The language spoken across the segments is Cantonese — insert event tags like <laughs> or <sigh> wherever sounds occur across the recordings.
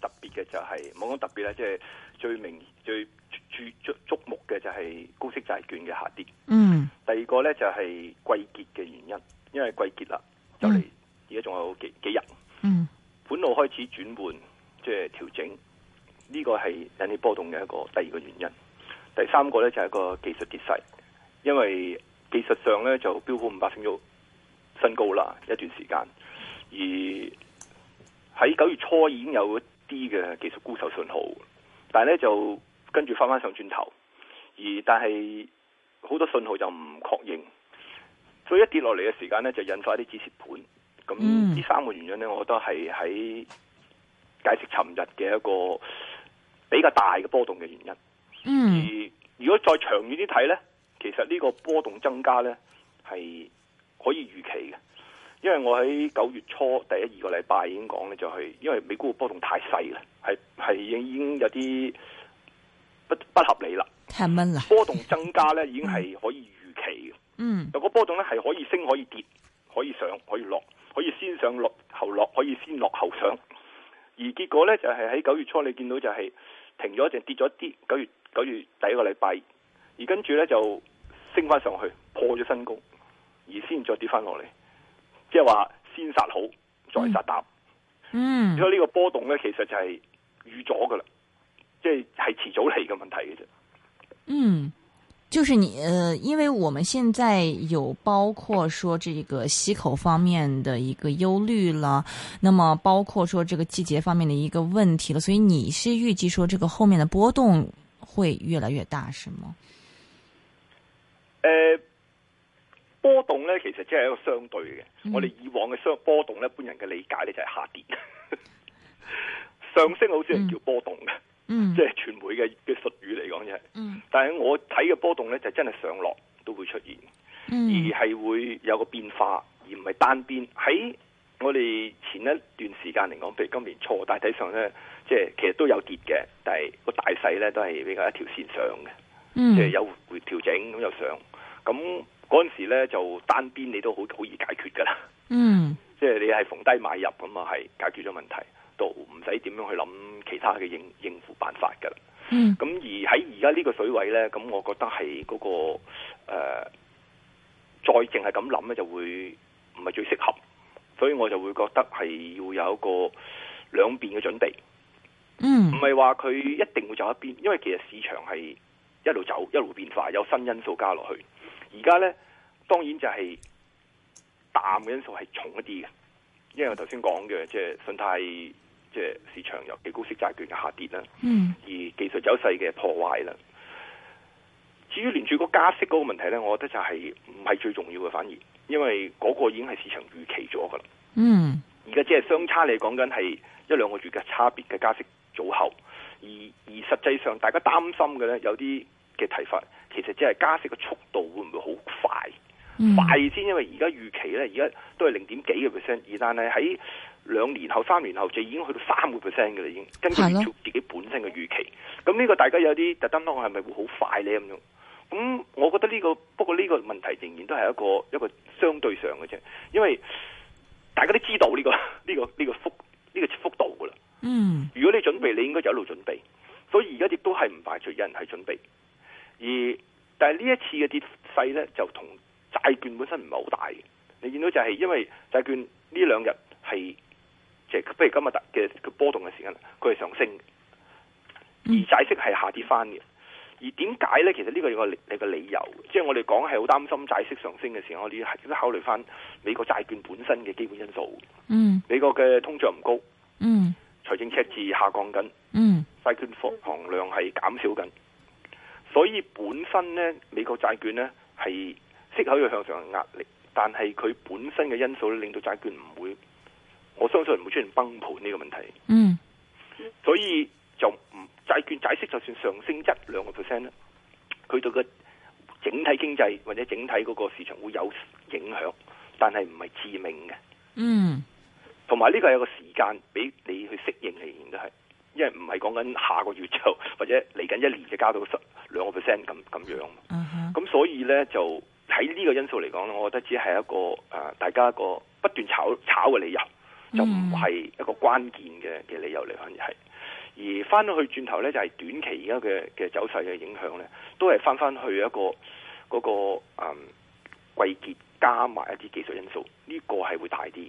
特別嘅就係冇講特別咧，即係最明最注注目嘅就係高息債券嘅下跌。嗯，第二個呢就係季結嘅原因，因為季結啦，嗯，就嚟而家仲有幾幾日。嗯，盤路開始轉換，即係調整，呢個係引起波動嘅一個第二個原因。第三個呢就係一個技術跌勢，因為技術上呢就標普五百升咗新高啦一段時間，而喺九月初已經有啲嘅技術沽售信號，但係咧就跟住翻翻上轉頭，而但係好多信號就唔確認，所以一跌落嚟嘅時間咧就引發一啲止蝕盤，咁呢、嗯、三個原因咧，我覺得係喺解釋尋日嘅一個比較大嘅波動嘅原因。嗯、而如果再長遠啲睇咧，其實呢個波動增加咧係可以預期嘅。因為我喺九月初第一二個禮拜已經講咧，就係因為美股嘅波動太細啦，係係已經有啲不不合理啦。啦？ <laughs> 波動增加咧，已經係可以預期嘅。嗯，個波動咧係可以升可以跌，可以上可以落，可以先上落後落，可以先落後上。而結果咧就係喺九月初你見到就係停咗一陣跌咗一啲，九月九月第一個禮拜，而跟住咧就升翻上去破咗新高，而先再，再跌翻落嚟。即係話先殺好再殺淡，呢、嗯嗯、個波動咧其實就係預咗噶啦，即係係遲早嚟嘅問題嘅啫。嗯，就是你，呃，因為我們現在有包括說這個息口方面的一個憂慮啦，那麼包括說這個季節方面的一個問題啦，所以你是預計說這個後面的波動會越來越大，是嗎？誒、呃。波動咧，其實即係一個相對嘅。嗯、我哋以往嘅相波動咧，一般人嘅理解咧就係下跌， <laughs> 上升好似係叫波動嘅。嗯，即係傳媒嘅嘅術語嚟講啫。嗯，但係我睇嘅波動咧，就是、真係上落都會出現，嗯、而係會有個變化，而唔係單邊。喺我哋前一段時間嚟講，譬如今年初，大體上咧，即、就、係、是、其實都有跌嘅，但係個大勢咧都係比較一條線上嘅。即係、嗯、有會調整咁又上咁。嗰陣時咧，就單邊你都好好易解決噶啦。嗯，即係你係逢低買入咁啊，係解決咗問題，都唔使點樣去諗其他嘅應，應付辦法噶啦。嗯，咁而喺而家呢個水位咧，咁我覺得係嗰個、呃、再淨係咁諗咧，就會唔係最適合，所以我就會覺得係要有一個兩邊嘅準備。嗯，唔係話佢一定會走一邊，因為其實市場係一路走一路變化，有新因素加落去。而家咧，當然就係淡嘅因素係重一啲嘅，因為頭先講嘅即係信貸，即係市場有幾高息債券嘅下跌啦，而技術走勢嘅破壞啦。至於聯儲局加息嗰個問題咧，我覺得就係唔係最重要嘅，反而因為嗰個已經係市場預期咗噶啦。嗯，而家只係相差嚟講緊係一兩個月嘅差別嘅加息組合，而而實際上大家擔心嘅咧有啲。嘅睇法，其實只係加息嘅速度會唔會好快快、嗯、先？因為而家預期咧，而家都係零點幾個 percent，而但係喺兩年後、三年後就已經去到三個 percent 嘅啦，已經根據自己本身嘅預期。咁呢、嗯、個大家有啲特登，當我係咪會好快咧咁樣？咁我覺得呢、呢個不過呢個問題仍然都係一個一個相對上嘅啫，因為大家都知道呢、呢個呢、呢個呢、呢個幅呢、呢個幅度噶啦。嗯，如果你準備，你應該就一路準備，所以而家亦都係唔排除有人係準備。而但係呢一次嘅跌勢咧，就同債券本身唔係好大嘅。你見到就係因為債券呢兩日係即係不如今日嘅波動嘅時間，佢係上升嘅，而債息係下跌翻嘅。而點解咧？其實呢個有個你個理由，即係我哋講係好擔心債息上升嘅時候，我哋都考慮翻美國債券本身嘅基本因素。嗯，美國嘅通脹唔高。嗯，財政赤字下降緊。嗯，債券發行量係減少緊。所以本身咧，美國債券咧係息口要向上嘅壓力，但係佢本身嘅因素咧，令到債券唔會，我相信唔會出現崩盤呢個問題。嗯，所以就唔債券債息就算上升一兩個 percent 咧，佢對個整體經濟或者整體嗰個市場會有影響，但係唔係致命嘅。嗯，同埋呢個係有個時間俾你去適應嚟講都係，因為唔係講緊下個月就或者嚟緊一年就加到十兩個 percent 咁咁樣，咁所以呢，就喺呢個因素嚟講呢，我覺得只係一個、呃、大家一個不斷炒炒嘅理由，就唔係一個關鍵嘅嘅理由嚟，反而係而翻到去轉頭呢，就係、係、短期而家嘅嘅走勢嘅影響呢，都係翻翻去一個嗰、嗰個季、嗯、結加埋一啲技術因素，呢、呢個係會大啲。.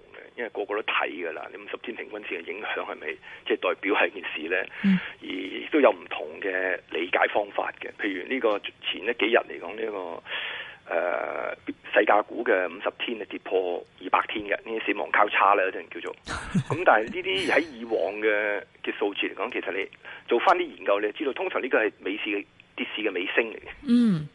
因為個個都睇噶啦，你五十天平均綫嘅影響係咪即係代表係件事咧？嗯、而都有唔同嘅理解方法嘅。譬如呢個前呢幾日嚟講呢個誒、呃，世界股嘅五十天嘅跌破二百天嘅呢，呢個、死亡交叉咧，一定叫做。咁但係呢啲喺以往嘅嘅數字嚟講，其實你做翻啲研究，你知道通常呢個係美市嘅跌市嘅尾聲嚟嘅。嗯，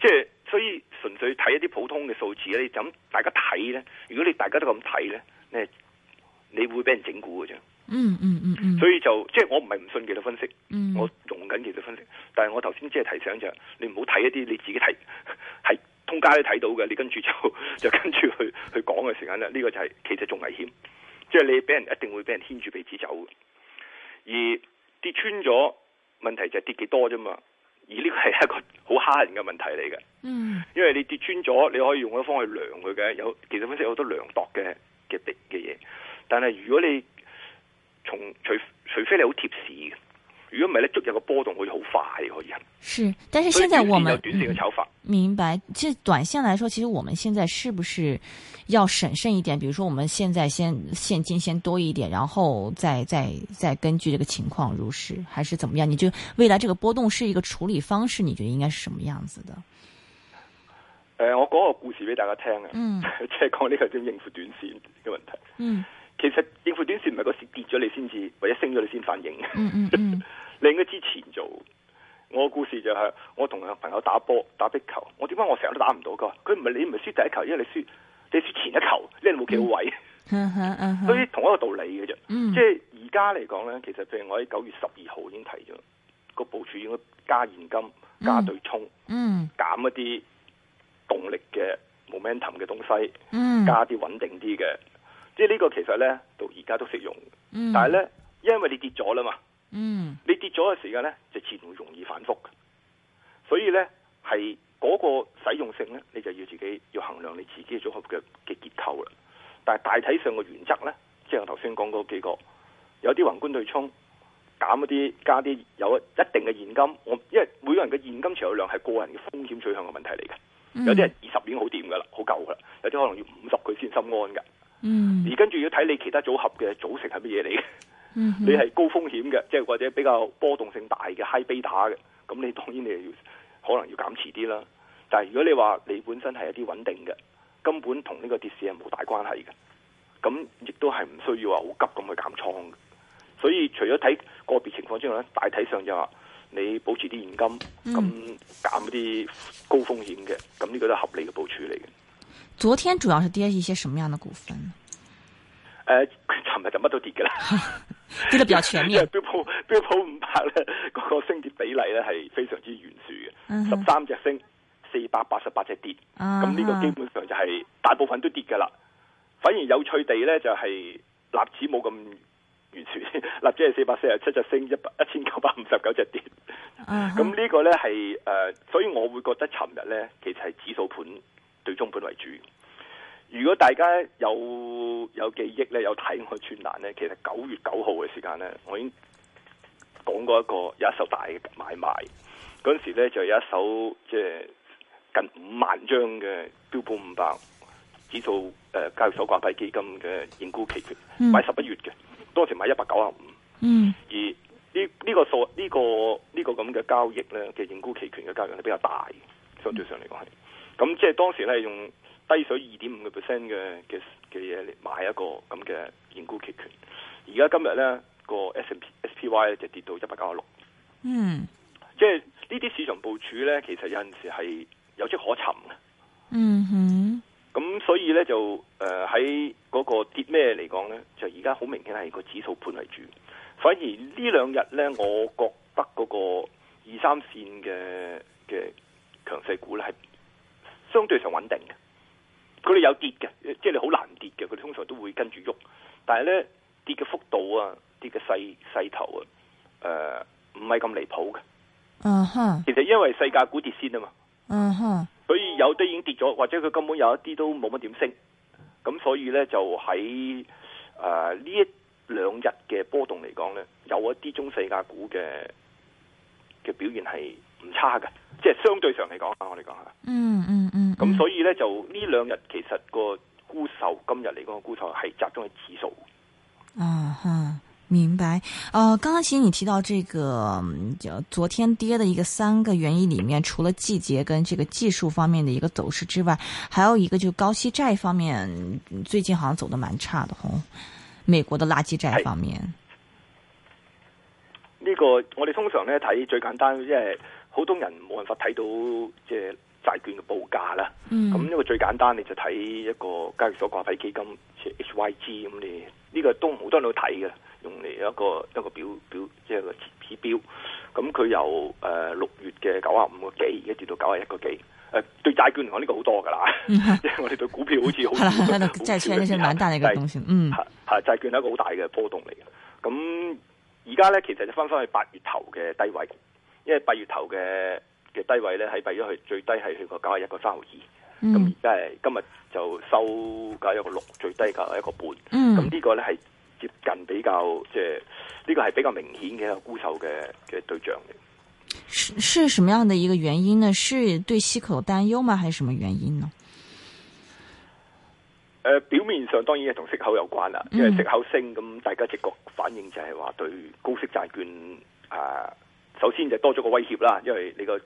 即係。所以純粹睇一啲普通嘅數字咧，就咁大家睇咧。如果你大家都咁睇咧，你你會俾人整蠱嘅啫。嗯嗯嗯。所以就即係、就是、我唔係唔信技術分析，嗯、我用緊技術分析。但係我頭先即係提醒就係、是，你唔好睇一啲你自己睇係通街都睇到嘅，你跟住就就跟住去去講嘅時間咧，呢、這個就係、是、其實仲危險。即、就、係、是、你俾人一定會俾人牽住鼻子走嘅。而跌穿咗問題就係跌幾多啫嘛。而呢個係一個好嚇人嘅問題嚟嘅，嗯、因為你跌穿咗，你可以用一方去量佢嘅，有技術分析好多量度嘅嘅嘅嘢，但係如果你從除除非你好貼市。如果唔係咧，足有個波動會好快可以。是，但是現在我們，短線嘅炒法，嗯。明白，即係短線來說，其實我們現在是不是要審慎一點？比如說，我們現在先現金先多一點，然後再再再根據這個情況入市還是怎麼樣？你就未來這個波動是一個處理方式，你覺得應該是什麼樣子的？誒、呃，我講個故事俾大家聽啊。嗯。即係講呢個點應付短線嘅問題。嗯。其實應付短線唔係個市跌咗你先至，或者升咗你先反應。嗯嗯嗯、 <laughs> 你應該之前做。我故事就係、是、我同朋友打波打壁球，我點解我成日都打唔到？㗎，佢唔係你唔係輸第一球，因為你輸你輸前一球，你冇機會。位。嗯、 <laughs> 所以同一個道理嘅啫。即係而家嚟講咧，其實譬如我喺九月十二號已經提咗個部署，應該加現金、加對沖，嗯，減一啲動力嘅 momentum 嘅東西，嗯，加啲穩定啲嘅。即係呢個其實咧，到而家都適用，嗯、但係咧，因為你跌咗啦嘛，嗯、你跌咗嘅時間咧，就自然會容易反覆。所以咧，係嗰個使用性咧，你就要自己要衡量你自己嘅組合嘅嘅結構啦。但係大體上嘅原則咧，即係我頭先講嗰幾個，有啲宏觀對沖，減一啲，加啲，有一定嘅現金。我因為每個人嘅現金持有量係個人嘅風險取向嘅問題嚟嘅、嗯，有啲係二十年好掂噶啦，好夠噶啦，有啲可能要五十佢先心安噶。嗯，而跟住要睇你其他組合嘅組成係乜嘢嚟嘅，嗯哼，你係高風險嘅，即係或者比較波動性大嘅 high beta 嘅，咁你當然你係要可能要減持啲啦。但係如果你話你本身係一啲穩定嘅，根本同呢個跌市係冇大關係嘅，咁亦都係唔需要話好急咁去減倉。所以除咗睇個別情況之外咧，大體上就話你保持啲現金，咁減啲高風險嘅，咁呢個都係合理嘅部署嚟嘅。昨天主要是跌一些什麼樣的股份？誒、呃，尋日就乜都跌嘅啦， <laughs> 跌得比較全面。標、呃、普標普五百咧，嗰個升跌比例咧係非常之懸殊嘅，十三隻升，四百八十八隻跌，咁呢、uh huh. 個基本上就係大部分都跌嘅啦。反而有趣地咧，就係、是、納指冇咁懸殊，納指係四百四十七隻升，一百一千九百五十九隻跌，咁、uh huh. 呢個咧係誒，所以我會覺得尋日咧其實係指數盤。中盤為主。如果大家有有記憶咧，有睇我嘅專欄咧，其實九月九號嘅時間咧，我已經講過一個有一手大嘅買賣。嗰時咧就有一手即係近五萬張嘅標普五百指數誒、呃、交易所掛牌基金嘅認沽期權，買十一月嘅，當時買一百九十五。嗯、這個，而呢呢個數呢、這個呢個咁嘅交易咧嘅認沽期權嘅交易係比較大，相對上嚟講係。咁即係當時咧，用低水二點五個 percent 嘅嘅嘅嘢，嚟買一個咁嘅認沽期權。而家今日咧，個 S P S P Y 咧就跌到一百九十六。嗯，即係呢啲市場部署咧，其實有陣時係有跡可尋嘅。嗯哼，咁所以咧就喺嗰，呃、個跌咩嚟講咧，就而家好明顯係個指數盤為主。反而兩呢兩日咧，我覺得嗰個二三線嘅嘅強勢。相對上穩定嘅，佢哋有跌嘅，即係你好難跌嘅，佢哋通常都會跟住喐。但係咧跌嘅幅度啊，跌嘅勢勢頭啊，誒唔係咁離譜嘅。嗯哼，uh huh. 其實因為世界股跌先啊嘛。嗯哼、uh，huh. 所以有啲已經跌咗，或者佢根本有一啲都冇乜點升。咁所以咧就喺誒呢一兩日嘅波動嚟講咧，有一啲中世界股嘅嘅表現係唔差㗎，即係相對上嚟講啊，我哋講下。嗯嗯、mm。Hmm. 咁、嗯、所以咧就呢兩日其實個沽售，今日嚟講個沽售係集中喺指數。啊哼，明白。哦、呃，剛剛其實你提到這個，昨天跌的一個三個原因裏面，除了季節跟這個技術方面的一個走勢之外，還有一個就高息債方面，最近好像走得蠻差的，美國的垃圾債方面。呢、這個我哋通常咧睇最簡單就是，即係好多人冇辦法睇到即係。債券嘅報價啦，咁因為最簡單你就睇一個交易所掛牌基金，即係 HYG 咁你呢個都好多人都睇嘅，用嚟一個一個表表，即係個指標。咁佢由誒六月嘅九啊五個幾，而家跌到九啊一個幾。誒對債券嚟講，呢個好多㗎啦，即係我哋對股票好似好。即係先簡單一個先，但嗯，係債券係一個好大嘅波動嚟嘅。咁而家咧其實就翻返去八月頭嘅低位，因為八月頭嘅。嘅低位咧，係比咗佢最低係去個九十一個三毫二，咁而家係今日就收價一個六，最低價，嗯、一,一個半，咁呢，嗯、個咧係接近比較即係呢個係比較明顯嘅一個沽售嘅嘅對象嚟。是是什麼樣嘅一個原因呢？是對息口擔憂嗎？還是什麼原因呢？誒，呃，表面上當然係同息口有關啦，嗯、因為息口升，咁大家直覺反應就係話對高息債券，誒、呃，首先就多咗個威脅啦，因為你個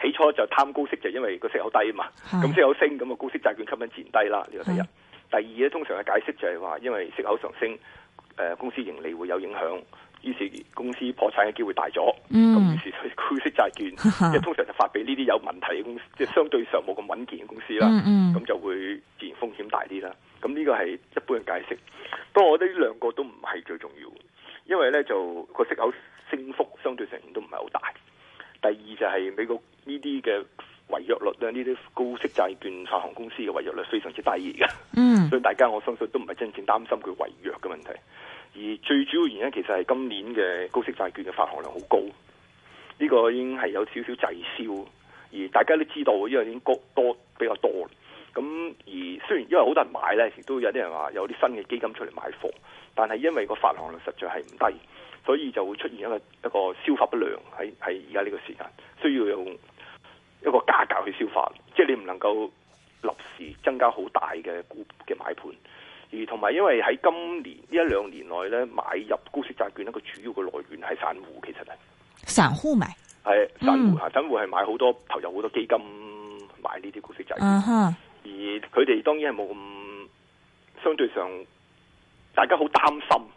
起初就貪高息，就是、因為個息口低啊嘛，咁息口升，咁啊高息債券吸引自然低啦。呢個第一，是第二咧通常嘅解釋就係話，因為息口上升，誒、呃、公司盈利會有影響，於是公司破產嘅機會大咗，咁、嗯、於是所以高息債券即通常就發俾呢啲有問題嘅公司， <laughs> 即係相對上冇咁穩健嘅公司啦，咁、嗯嗯、就會自然風險大啲啦。咁呢個係一般嘅解釋，不過我覺得呢兩個都唔係最重要，因為咧就個息口升幅相對上都唔係好大。第二就係美國呢啲嘅違約率咧，呢啲高息債券發行公司嘅違約率非常之低嚟嘅，嗯、 <laughs> 所以大家我相信都唔係真正擔心佢違約嘅問題。而最主要原因其實係今年嘅高息債券嘅發行量好高，呢、呢個已經係有少少滯銷，而大家都知道呢樣已經多比較多。咁而雖然因為好多人買呢，亦都有啲人話有啲新嘅基金出嚟買貨，但係因為個發行量實在係唔低。所以就會出現一個一個消化不良，喺喺而家呢個時間，需要用一個價格去消化，即係你唔能夠立時增加好大嘅股嘅買盤，而同埋因為喺今年，這一兩年呢一兩年內咧，買入高息債券一個主要嘅來源係散戶，其實係散戶咪？係散戶嚇，散戶係、嗯、買好多投入好多基金買呢啲高息債券。Uh huh. 而佢哋當然係冇咁相對上，大家好擔心。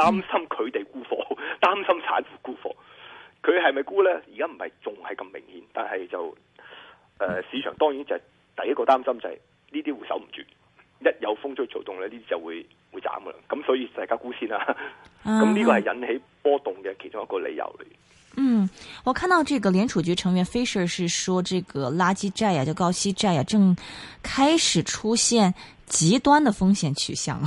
擔、嗯、心佢哋沽貨，擔心散戶沽貨，佢係咪沽呢？而家唔係，仲係咁明顯，但係就誒、呃，市場當然就係第一個擔心就係呢啲會守唔住，一有風吹草動呢啲就會會斬噶啦。咁所以大家沽先啦。咁呢、嗯、個係引起波動嘅其中一個理由嚟。嗯，我看到這個聯儲局成員 Fisher 是說，這個垃圾債啊，就高息債啊，正開始出現極端的風險取向。 <laughs>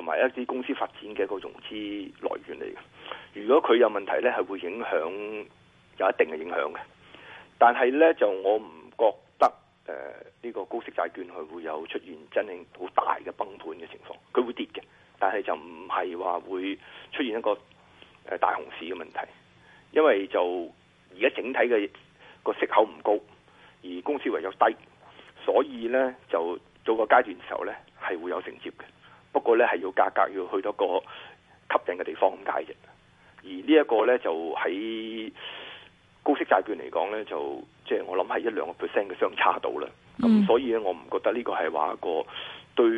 同埋一啲公司發展嘅一個融資來源嚟嘅，如果佢有問題咧，係會影響有一定嘅影響嘅。但係咧就我唔覺得誒呢、呃這個高息債券係會有出現真正好大嘅崩盤嘅情況，佢會跌嘅，但係就唔係話會出現一個誒大熊市嘅問題，因為就而家整體嘅個息口唔高，而公司唯有低，所以咧就到個階段的時候咧係會有承接嘅。不過咧，係要價格，格要去到個吸引嘅地方咁解嘅。而呢一個咧，就喺高息債券嚟講咧，就即係我諗係一兩個 percent 嘅相差到啦。咁、嗯、所以咧，我唔覺得呢個係話個對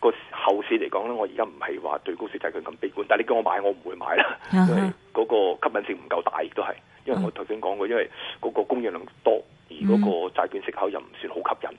個後市嚟講咧，我而家唔係話對高息債券咁悲觀。但係你叫我買，我唔會買啦。嗰是是 個吸引性唔夠大，亦都係，因為我頭先講過，因為嗰個供應量多，而嗰個債券息口又唔算好吸引。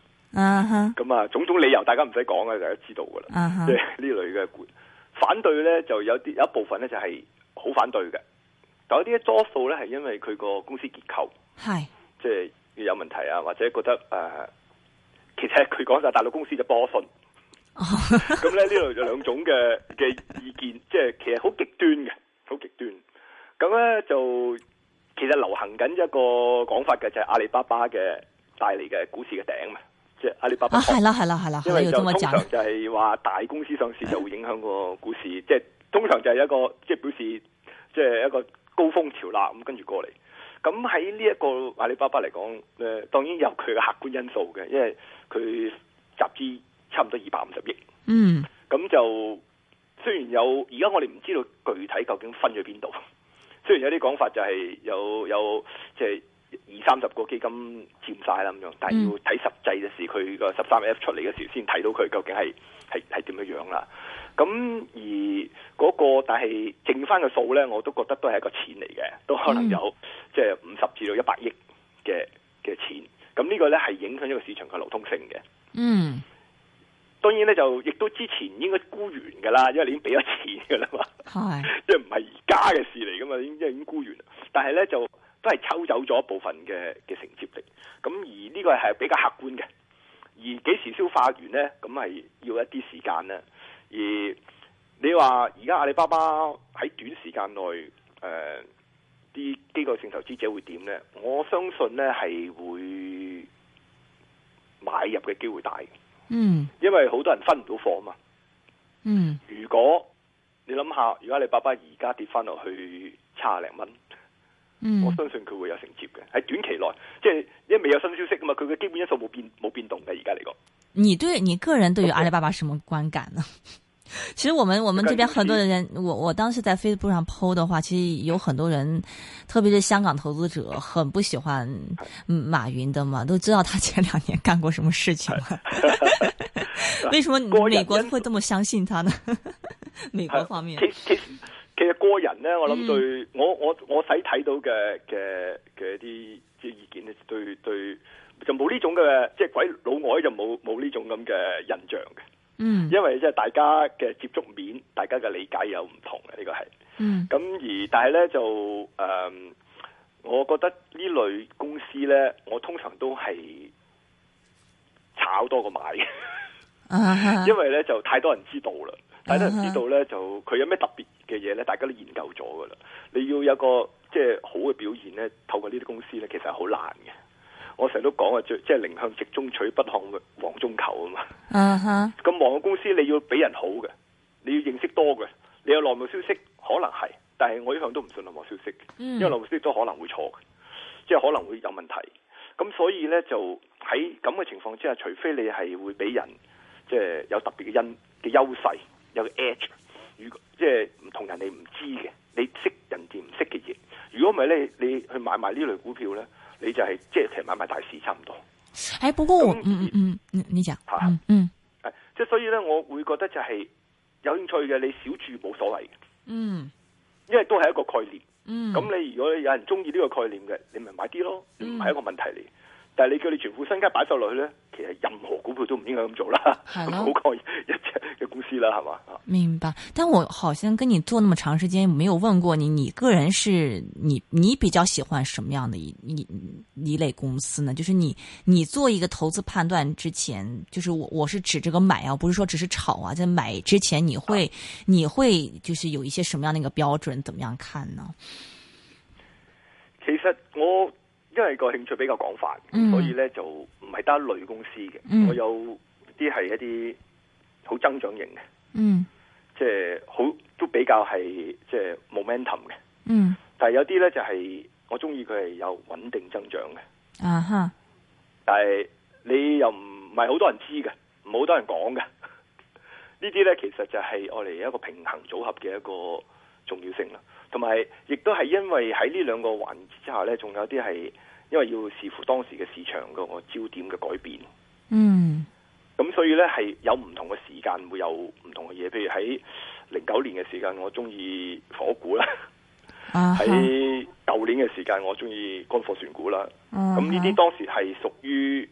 嗯咁啊，uh huh. 種種理由大家唔使講啊，大家知道噶啦。即係呢類嘅反對咧，就有啲有一部分咧就係好反對嘅，但係啲多數咧係因為佢個公司結構係，即係、uh huh. 有問題啊，或者覺得誒、呃，其實佢講晒大陸公司嘅波信。咁咧呢度有兩種嘅嘅意見，即、就、係、是、其實好極端嘅，好極端。咁咧就其實流行緊一個講法嘅，就係、是、阿里巴巴嘅帶嚟嘅股市嘅頂嘛。即係阿里巴巴的，係啦係啦係啦，因為通常就係話大公司上市就會影響個股市，即係的通常就係一個即係、即係、表示即係、即係、一個高峰潮啦。咁跟住過嚟，咁喺呢一個阿里巴巴嚟講，誒、呃、當然有佢嘅客觀因素嘅，因為佢集資差唔多二百五十億，嗯，咁就雖然有而家我哋唔知道具體究竟分咗邊度，雖然有啲講法就係有有即係。二三十個基金佔晒啦咁樣，但係要睇實際嘅時，佢個十三 F 出嚟嘅時候先睇到佢究竟係係係點樣樣啦。咁而嗰個，但係剩翻嘅數咧，我都覺得都係一個錢嚟嘅，都可能有即係五十至到一百億嘅嘅錢。咁呢個咧係影響一個市場嘅流通性嘅。嗯，當然咧就亦都之前應該沽完嘅啦的，因為你已經俾咗錢嘅啦嘛。係，即係唔係而家嘅事嚟噶嘛？已經即係已經沽完。但係咧就。都係抽走咗一部分嘅嘅承接力，咁而呢個係比較客觀嘅。而幾時消化完呢？咁係要一啲時間呢。而你話而家阿里巴巴喺短時間內，誒、呃、啲機構性投資者會點呢？我相信呢係會買入嘅機會大。嗯，因為好多人分唔到貨啊嘛。嗯，如果你諗下，如果阿里巴巴而家跌翻落去七十零蚊。我相信佢會有承接嘅，喺短期內，即係因為未有新消息嘛，佢嘅基本因素冇變冇變動嘅，而家嚟講。你對你個人對於阿里巴巴什麼觀感呢？其實我們我們這邊很多人，我我當時在 Facebook 上 po 的話，其實有很多人，特別是香港投資者，很不喜歡馬雲的嘛，都知道他前兩年幹過什麼事情。為什麼美國會這麼相信他呢？美國方面。個人咧，我諗對我、嗯、我我使睇到嘅嘅嘅一啲即係意見咧，對對就冇呢種嘅即係鬼老外就冇冇呢種咁嘅印象嘅。嗯，因為即係大家嘅接觸面，大家嘅理解又唔同嘅，這個嗯、呢個係嗯咁而但係咧就誒、呃，我覺得呢類公司咧，我通常都係炒多過買， <laughs> 因為咧就太多人知道啦。大家都知道咧，uh huh. 就佢有咩特別嘅嘢咧，大家都研究咗噶啦。你要有個即係好嘅表現咧，透過呢啲公司咧，其實係好難嘅。我成日都講啊，最即係寧向直中取，不向黃中求啊嘛。咁望嘅公司，你要比人好嘅，你要認識多嘅，你有內幕消息可能係，但係我一向都唔信內幕消息，uh huh. 因為內幕消息都可能會錯嘅，即係可能會有問題。咁所以咧，就喺咁嘅情況之下，除非你係會俾人即係、就是、有特別嘅因嘅優勢。有個 edge，如即係唔同人哋唔知嘅，你識人哋唔識嘅嘢。如果唔係咧，你去買埋呢類股票咧，你就係、是、即係其實買埋大市差唔多。係不過我嗯嗯嗯，你講吓嗯，誒是、嗯，即係所以咧，我會覺得就係、是、有興趣嘅，你少住冇所謂。嗯，因為都係一個概念。嗯，咁你如果有人中意呢個概念嘅，你咪買啲咯，唔係、嗯、一個問題嚟。但係你叫你全副身家擺晒落去呢？其實任何股票都唔應該咁做啦，好過一隻嘅公司啦，呵呵係嘛？明白。但我好像跟你做那麽長時間，沒有問過你，你個人是你你比較喜歡什麼樣的一一一類公司呢？就是你你做一個投資判斷之前，就是我我是指這個買啊，不是說只是炒啊。在買之前，你會、嗯、你會就是有一些什麼樣嘅一個標準，怎麼樣看呢？其實我。因為個興趣比較廣泛，嗯、所以咧就唔係得一類公司嘅，嗯、我有啲係一啲好增長型嘅，即係好都比較係即係 momentum 嘅，但係有啲咧就係我中意佢係有穩定增長嘅，啊哈，但係你又唔係好多人知嘅，唔好多人講嘅，這些呢啲咧其實就係我哋一個平衡組合嘅一個。重要性啦，同埋亦都係因為喺呢兩個環節之下咧，仲有啲係因為要視乎當時嘅市場個焦點嘅改變，嗯，咁所以咧，係有唔同嘅時間會有唔同嘅嘢，譬如喺零九年嘅時間我中意火股啦；uh huh，喺舊年嘅時間我中意乾貨船股啦。咁呢啲當時係屬於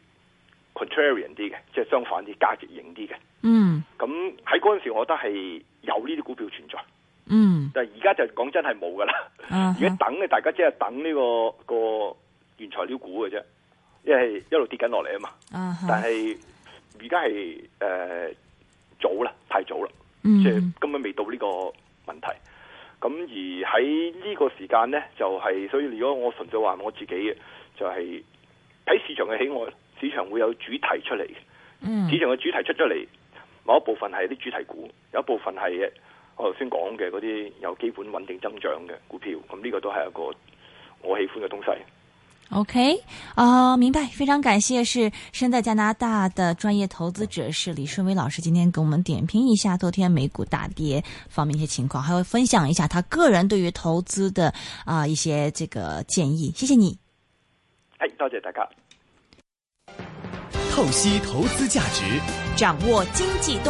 contrarian 啲嘅，即係相反啲價值型啲嘅。嗯，咁喺嗰陣時，我覺得係有呢啲股票存在。嗯，但係而家就講真係冇噶啦。如果、uh huh. 等嘅，大家即係等呢、這個、這個原材料股嘅啫，因為一路跌緊落嚟啊嘛。Uh huh. 但係而家係誒早啦，太早啦，即係根本未到呢個問題。咁而喺呢個時間咧，就係、是、所以如果我純粹話我自己嘅，就係、是、喺市場嘅喜愛，市場會有主題出嚟嘅。Uh huh. 市場嘅主題出咗嚟，某一部分係啲主題股，有一部分係。我頭先講嘅嗰啲有基本穩定增長嘅股票，咁呢個都係一個我喜歡嘅東西。OK，啊、呃，明白，非常感謝，是身在加拿大的專業投資者，是李順威老師，今天給我們點評一下昨天美股大跌方面一些情況，還會分享一下他個人對於投資的啊、呃、一些這個建議。謝謝你。係，多謝大家。透析投資價值，掌握經濟動力。